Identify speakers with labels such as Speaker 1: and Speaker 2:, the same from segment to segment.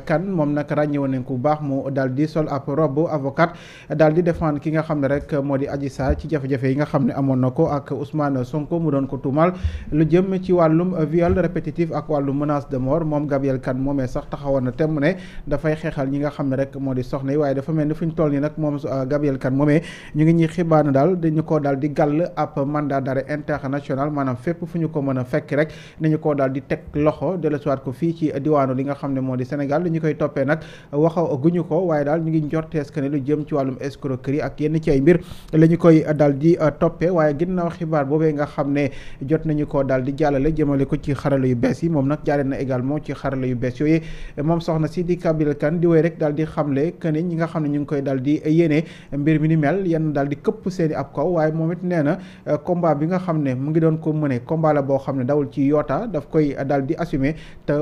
Speaker 1: kan moom nag ràññewoon nañ ko bu baax moo daal di sol ab robe avocat daal di défendre ki nga xam ne rek moo di Adji Sarr ci jafe-jafe yi nga xam ne amoon na ko ak Ousmane Sonko mu doon ko tuumal lu jëm ci wàllum viol répétitif ak wàllu menace de mort moom Gabriel Kane moomee sax taxawoon na temm ne dafay xeexal ñi nga xam ne rek moo di soxna yi waaye dafa mel ni fu ñu toll nii nag moom euh, Gabriel Kane moomee ñu ngi ñuy xibaar na daal dañu ko daal di gàll ab mandat d'arrêt international maanaam fépp fu ñu ko mën a fekk rek nañu koo daal di teg loxo dellusiwaat ko fii ci diwaanu li nga xam ne moo di Sénégal daal ñu koy toppee nag waxaw guñu ko waaye daal ñu ngi njortees que ne lu jëm ci wàllum escroquerie ak yenn ci ay mbir la ñu koy daal di euh, toppee waaye ginnaaw xibaar boobee nga xam ne jot nañu ko daal di jàllale jëmale ko ci xarala yu bees yi moom nag jaare na également ci xarala yu bees yooyu moom soxna si di Kabil Kan di wéy rek daal di xamle que ne ñi nga xam ne ñu ngi koy daal di yéene mbir mi ni mel yenn daal di këpp seeni ab kaw waaye moom it nee na euh, combat bi nga xam ne mu ngi doon ko mëne combat la boo xam ne dawul ci yoota daf koy euh, daal di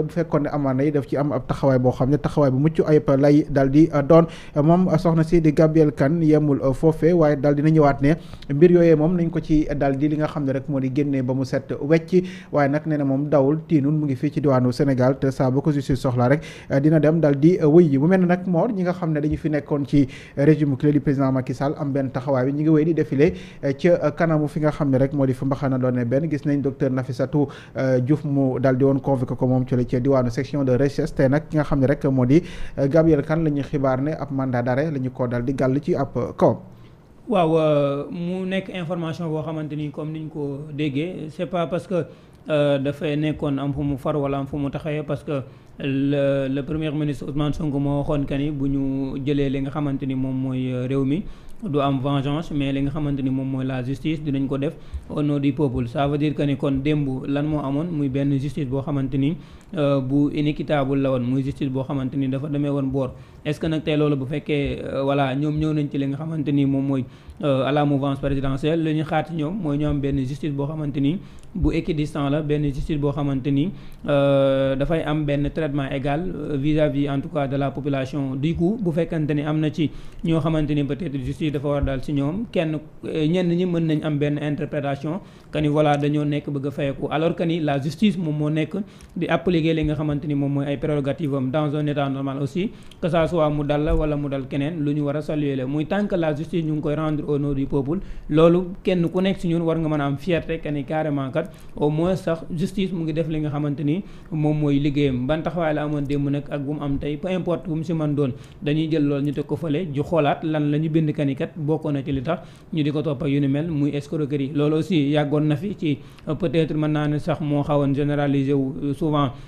Speaker 1: bu fekkoon ne amaana boo xam ne taxawaay bu mucc ayib lay daal di uh, doon uh, moom uh, soxna si di Gabrielle Kane yemul foofe waaye daal dina ñëwaat ne mbir yooyee moom nañ ko ci daal di li nga xam ne rek moo di génnee ba mu set wecc waaye nag nee na moom dawul tiinul mu ngi fii ci diwaanu Sénégal te sa ba ko justice soxla rek dina dem daal di wëy ji mu mel ne moor ñi nga xam ne dañu fi nekkoon ci régime clé du président Macky Sall am benn taxawaay bi ñi ngi wéy di défilé ca kanamu fi nga xam moo di fa mbaxana doone benn gis nañ docteur Nafissatou Diouf mu daal di woon convoqué ko moom ci la de xam rek moo di euh, Gabriel Kane la ñuy xibaar ne ab mandat d'arrêt la ñu ko dal di gàll ci ab kaw.
Speaker 2: waaw euh, mu nekk information boo xamante ni comme ni ñu ko déggee c'est pas parce que euh, dafay nekkoon am fu mu far wala am fu mu taxawee parce que le le premier ministre Ousmane moo waxoon que ni bu ñu jëlee li nga xamante ni moom mooy réew mi. du am vengeance mais li nga xamante ni moom mooy la justice dinañ ko def au nom du peuple ça veut dire que ni kon démb lan moo amoon muy benn justice boo xamante ni Euh, bu inéquitable la woon muy justice boo xamante ni dafa demee woon boor est-ce que nag tey loolu bu fekkee euh, voilà ñoom ñëw nañ ci li nga xamante ni moom mooy euh, à la mouvance présidentielle li ñu xaar ñoom mooy ñoom benn justice boo xamante ni bu équidistant la benn justice boo xamante ni dafay am benn traitement égal vis-à-vis en tout cas de la population du coup bu fekkante am na ci ñoo xamante ni peut-être justice dafa war a daal ci ñoom kenn ñenn ñi mën nañ am benn interprétation que ni voilà dañoo nekk bëgg a fayeku alors que ni la justice moom moo nekk délégué li nga xamante moom mooy ay prérogative dans un état normal aussi que mu dal la wala mu dal keneen lu ñu war a muy tant que justice ñu ngi koy rendre au nom peuple loolu kenn ku nekk si ñun war nga mën am fierté que ni carrément kat au moins sax justice mu ngi def li nga xamante moom mooy liggéeyam ban la amoon démb nag ak bu mu am tey peu importe bu mu si mën doon dañuy jël loolu ñu teg ko fële ju xoolaat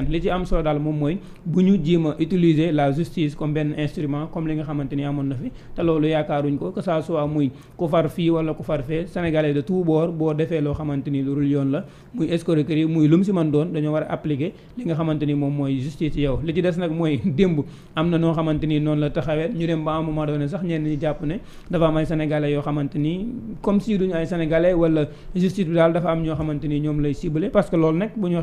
Speaker 2: jeunes li ci am solo daal moom mooy bu ñu jéem a la justice comme benn instrument comme li nga xamante ni amoon na fi te loolu yaakaaruñ ko que muy ku far fii wala ku far fee sénégalais de tout bord boo defee loo xamante ni lu dul yoon la muy escroquerie muy lu si mën doon dañoo war a li nga xamante moom mooy justice yow li ci des nag mooy démb am na noo xamante ni noonu la taxawee ñu dem ba un moment sax ñenn ñi jàpp ne dafa am ay sénégalais yoo xamante ni comme si duñu ni ñoom lay ciblé parce que loolu nag bu ñu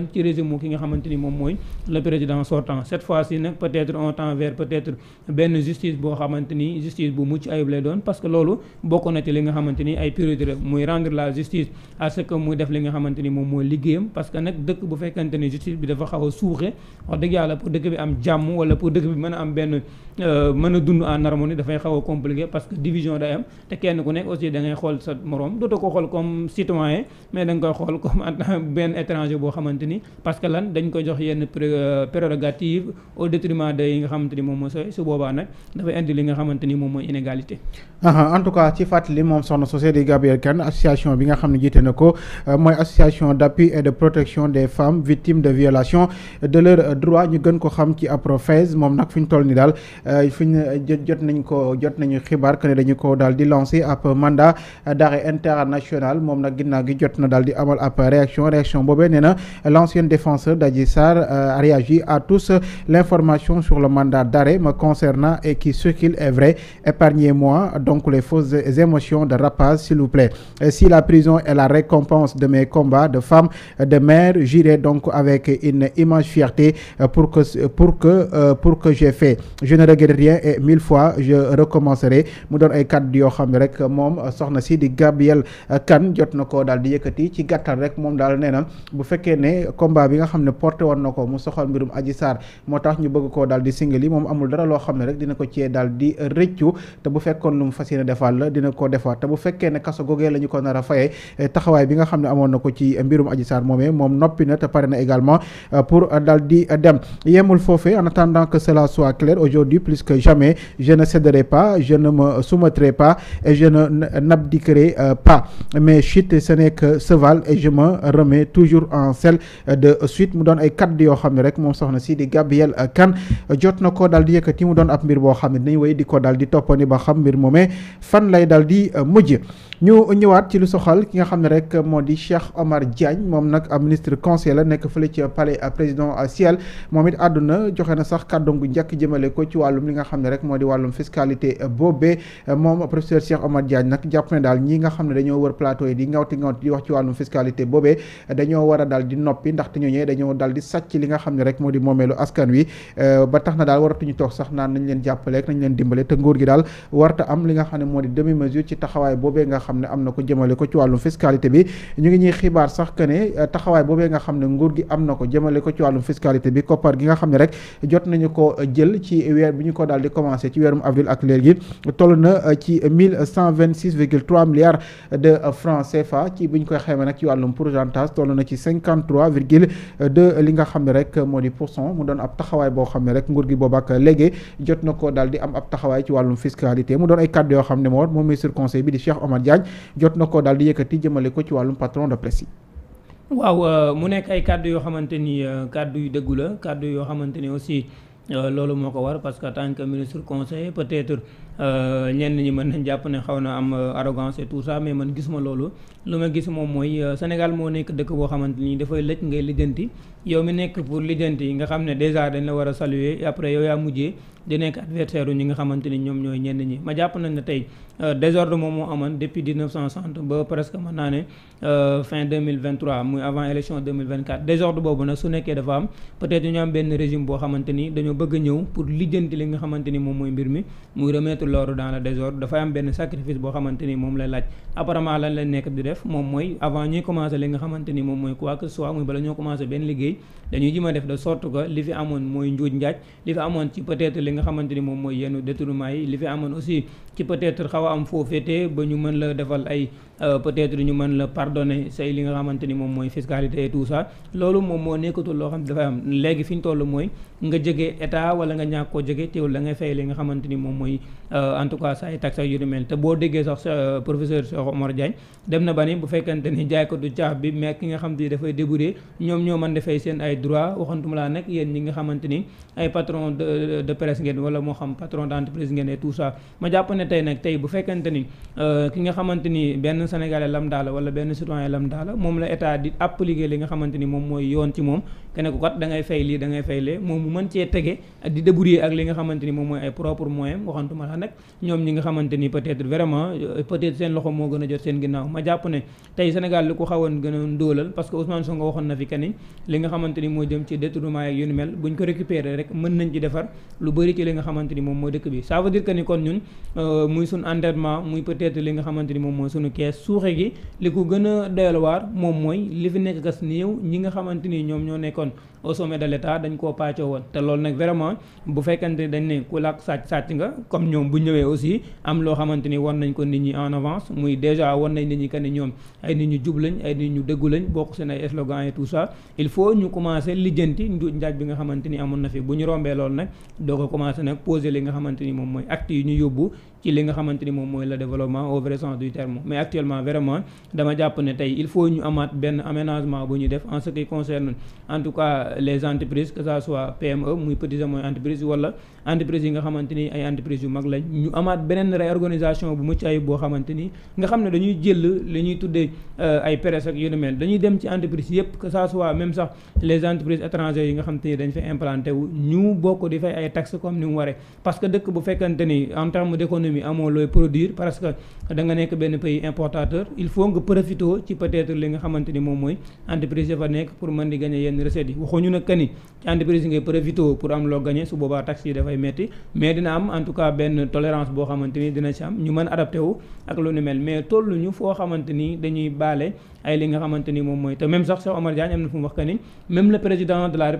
Speaker 2: personne ci régime ki nga xamante moom mooy le président sortant cette fois ci nag peut-être on tend vers peut-être benn justice boo xamante justice bu mucc ayib lay doon parce que loolu bokk na ci li nga xamante ni ay priorité la muy rendre la justice à ce que muy def li nga xamante moom mooy liggéeyam parce que nag dëkk bu fekkante ni justice bi dafa xaw a suuxe wax dëgg yàlla pour dëkk bi am jàmm wala pour dëkk bi mën a am benn euh, mën a dund en parce que lan dañ ko jox yenn euh, prérogative au détriment de yi nga xamante ni moom moo sooy su boobaa nag dafay indi li xamante ni moom mooy inégalité.
Speaker 1: en tout cas ci fàttali moom soxna Socé di Gabrielle Kane association bi nga xam ne jiite na ko euh, mooy association d'appui et de protection des femmes victimes de violation de leurs droits ñu gën ko xam ci APROFES moom nag fi ñu toll ni daal euh, fi ñu jot nañ ko jot nañu xibaar que ne dañu ko daal di lancer ab mandat d'arrêt international moom nag ginnaaw gi jot na daal di amal ab réaction réaction boobee nee l'ancien défenseur d'Adji euh, a réagi à tous l'information sur le mandat d'arrêt me concernant et qui circule est vrai épargnez-moi donc les fausses émotions de rapace s'il vous plaît et si la prison est la récompense de mes combats de femme de mère j'irai donc avec une immense fierté euh, pour que pour que euh, pour que j'ai fait je ne regrette rien et mille fois je recommencerai mu doon ay kàddu yoo xam ne rek moom soxna si di Gabrielle kan jot na ko dal di yëkkati ci gàttal rek moom daal ne combat bi nga xam ne porté woon na ko mu soxal mbirum Adji Sarr moo tax ñu bëgg koo daal di singali moom amul dara loo xam ne rek dina ko cee daal di rëccu te bu fekkoon lu mu fas dina ko defaat te bu fekkee ne kaso googee la ko nar a eh, taxawaay bi nga xam ne amoon na ko ci mbirum Adji moomee moom noppi na te pare na également eh, pour daal di dem yemul foofee en attendant que cela aujourd'hui plus jamais je ne pas je ne me de suite mu doon ay kaddu yoo xam ne rek moom soxna sii di Gabrielle Kane jot na ko daal di yëkkati mu doon ab mbir boo xam ne dinañ wéy di ko daal di toppandi ba xam mbir fan lay daal di uh, mujj ñu ñëwaat ci lu soxal ki nga xam ne rek moo di Cheikh Omar Diagne moom nag ab ministre la nekk fële ci palais uh, présidentiel uh, moom it àdduna joxe na sax kàddoom gu njëkk jëmale ko ci wàllum li nga xam ne rek moo di wàllum fiscalité boobee moom professeur Cheikh nag jàpp ne daal ñi nga xam ne dañoo wër plateau yi di ngawti ngawti di wax ci wàllum fiscalité boobee dañoo war a di nopp noppi ndaxte ñooñee dañoo dal di sàcc li nga xam ne rek moo di moomeelu askan wi euh, ba tax na daal waratuñu toog sax naan nañ leen jàppale ak nañ leen dimbale te nguur gi daal warta am li nga xam ne moo di demi mesure ci taxawaay boobee nga xam ne am na ko jëmale ko ci wàllum fiscalité bi ñu ngi ñuy xibaar sax que ne euh, taxawaay boobee nga xam ne nguur gi am na ko jëmale ko ci wàllum fiscalité bi koppar gi nga xam ne rek jot nañu ko jël ci weer bi ñu ko daal di commencé ci weerum avril ak léegi toll na euh, ci mille cent vingt six virgule trois milliards de francs CFA ci bi ñu koy xayma nag ci wàllum pourcentage toll na cinquante trois trois virgule euh, deux euh, li nga xam ne rek euh, moo di pour cent mu doon ab taxawaay boo xam ne rek nguur gi boobaak léegi jot na ko daal am ab taxawaay ci wàllum fiscalité mu doon ay kàddu yoo xam ne moo moom ministre conseil bi di Cheikh Omar Diagne jot na ko daal yëkkati jëmale ko ci wàllum patron de presse yi.
Speaker 2: waaw mu nekk ay kàddu yoo xamante kàddu yu dëggu la kàddu yoo xamante aussi. Euh, loolu moo ko war parce que tant que ministre conseiller peut-être euh, ñenn ñi mën nañ jàpp ne xaw na am euh, arrogance et tout ça mais man gisuma loolu lu ma gis moom mooy Sénégal moo nekk dëkk boo xamante ni dafay lëj ngay lijjanti yow mi nekk pour lijjanti nga xam ne déjà dañ la war a saluer après yow yaa mujjee di nekk adversaire ñi nga xamante ni ñoom ñooy ñenn ñi ma jàpp nañ ne tey euh, désordre moom moo amoon depuis 1960 ba presque mën naa ne euh, fin 2023 muy avant élection 2024 désordre boobu nag su nekkee dafa am peut ñu am benn régime boo xamante dañoo bëgg ñëw pour lijjanti li nga xamante moom mooy mbir mi muy remettre l'ordre dans le dafay am benn sacrifice boo xamante moom lay laaj apparemment lañ nga xamante ni moom mooy yenn détournement yi li fi amoon aussi ci peut-être xaw a am ba ñu mën la defal ay euh, peut-être ñu mën la pardonner say li nga xamante ni moom mooy fiscalité et tout ça loolu moom moo nekkatul loo xam dafay am léegi fi ñu toll mooy nga jege état wala nga ñàkk koo jege teewul la ngay fay li nga xamante ni moom mooy euh, en tout cas say taxes yu ni mel te boo déggee sax euh, professeur Cheikh Omar Diagne dem na ba ni bu fekkante ni jaay ko du caaf bi mais ki nga xam te dafay débrouiller ñoom ñoo mën dafay seen ay droit waxantuma laa nag yéen ñi nga xamante ni ay patron de de presse ngeen wala moo xam patron d'entreprise ngeen et tout ça ma jàpp tey nag tey bu fekkente ni euh, ki nga xamante ni benn sénégalais lam la wala benn citoyen lam daal moom la état di appliquer li nga xamante ni moom mooy yoon ci moom que ne ko kat da ngay fay lii da ngay fay lee moom mu mën cee tege di débrouiller ak li nga xamante ni moom mooy ay propre euh, moo gën a li a ndóolal parce que Ousmane Sonko waxoon na fi kani li ni moo jëm ci détournement ak mooy li fi nekk gas néew ñi nga xamante ñoom ñoo nekk nekkoon au sommet de l'état dañ koo pàccoo woon te loolu nag vraiment bu fekkante dañ ne ku làkk sàcc sàcc nga comme ñoom bu ñëwee aussi am loo xamante ni wan nañ ko nit ñi en avance muy déjà wan nañ nit ñi que ne ñoom ay nit ñu jub lañ ay nit ñu dëggu lañ bokk seen ay slogan et tout ça il faut ñu commencer lijjanti njuuj njaaj bi nga xamante ni amoon na fi bu ñu rombee loolu nag doo ko commencer nag poser li nga xamante ni moom mooy acte yi ñu yóbbu ci li nga xamante ni moom mooy le développement au vrai sens du terme mais actuellement vraiment dama jàpp ne tey il faut ñu amaat benn aménagement bu ñu def en ce qui concerne en tout cas les entreprises que ça soit PME muy petites et moyennes entreprises wala entreprises yi nga xamante ay entreprises yu mag lañ amaat beneen réorganisation bu mucc ayib boo xamante ni nga xam ne dañuy jël li ñuy tuddee euh, ay presse ak yu mel dañuy dem ci entreprises yëpp que ça soit même sax les entreprises étrangères yi nga dañ fa implanté wu ñu bokk di fay ay taxes comme économie amoo looy produire parce que da nekk benn pays importateur il faut nga profité ci peut li nga xamante moom mooy entreprise fa nekk pour mën di gagner yenn recettes yi waxuñu nag que ci entreprise ngay profité pour am loo gagner su boobaa taxes yi dafay metti mais dina am en tout cas benn tolérance boo xamante dina ci ñu mën adapté ak lu ni mel mais tolluñu foo xamante dañuy baale ay li nga xamante moom mooy te même sax Cheikh